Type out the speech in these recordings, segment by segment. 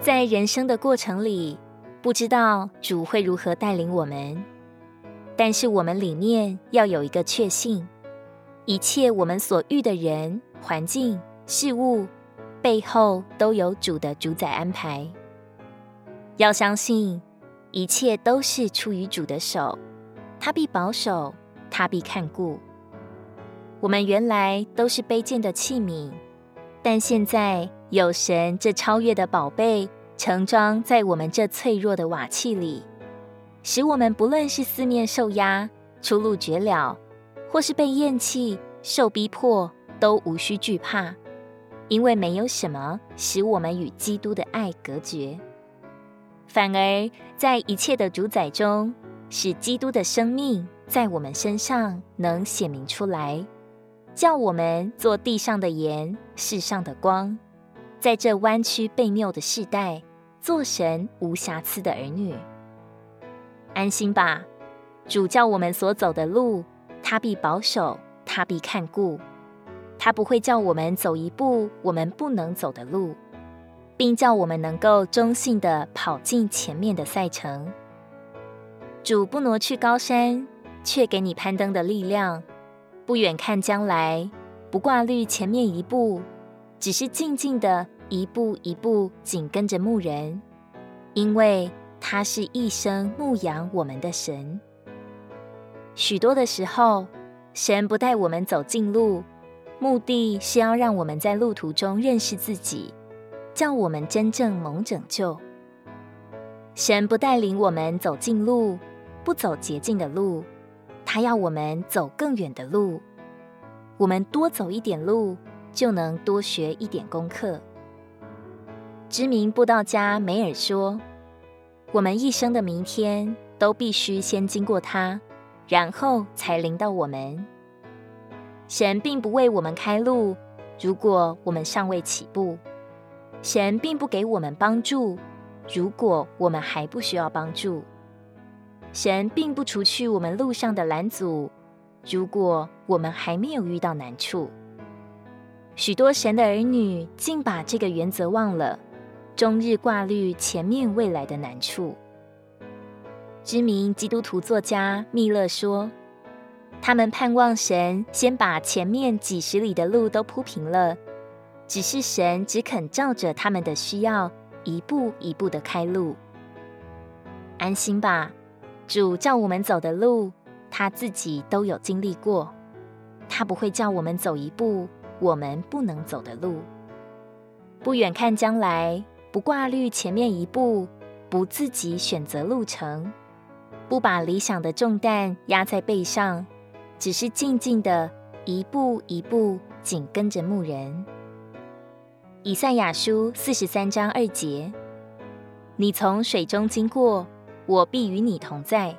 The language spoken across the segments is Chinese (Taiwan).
在人生的過程裡，不知道主會如何帶領我們，但是我們裡面要有一個確信：一切我們所遇的人、環境、事物背後都有主的主宰安排。要相信一切都是出於主的手，他必保守，他必看顧。我們原來都是卑賤的器皿。但現在有神這超越的寶貝盛裝在我們這脆弱的瓦器裡，使我們不論是四面受壓、出路絕了，或是被厭棄、受逼迫，都無需懼怕，因為沒有什麼使我們與基督的愛隔絕，反而在一切的主宰中，使基督的生命在我們身上能顯明出來。叫我們做地上的鹽，世上的光，在這彎曲悖謬的世代，做神無瑕疵的兒女。安心吧，主叫我們所走的路，他必保守，他必看顧，他不會叫我們走一步我們不能走的路，並叫我們能夠忠信地跑進前面的賽程。主不挪去高山，卻給你攀登的力量。不遠看將來，不掛慮前面一步，只是靜靜的一步一步緊跟着牧人，因為他是一生牧養我們的神。許多的時候，神不帶我們走近路，目的是要讓我們在路途中認識自己，叫我們真正蒙拯救。神不帶領我們走近路，不走捷徑的路。他要我們走更遠的路，我們多走一點路，就能多學一點功課。知名布道家梅爾說：“我們一生的明天都必須先經過他，然後才臨到我們。神並不為我們開路，如果我們尚未起步；神並不給我們幫助，如果我們還不需要幫助。”神並不除去我們路上的攔阻，如果我們還沒有遇到難處，許多神的兒女竟把這個原則忘了，終日掛慮前面未來的難處。知名基督徒作家密勒說：“他們盼望神先把前面幾十里的路都鋪平了，只是神只肯照着他們的需要，一步一步的開路。安心吧。”主叫我們走的路，他自己都有經歷過。他不會叫我們走一步我們不能走的路。不遠看將來，不掛慮前面一步，不自己選擇路程，不把理想的重擔壓在背上，只是靜靜的一步一步緊跟着牧人。以賽亞書四十三章二節：你從水中經過。我必與你同在，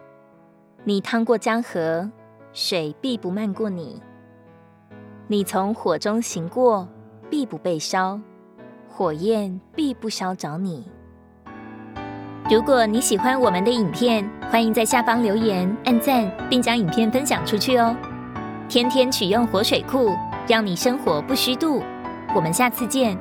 你蹚過江河，水必不漫過你。你從火中行過，必不被燒，火焰必不燒着你。如果你喜歡我們的影片，歡迎在下方留言、按讚，並將影片分享出去哦。天天取用活水庫，讓你生活不虛度。我們下次見。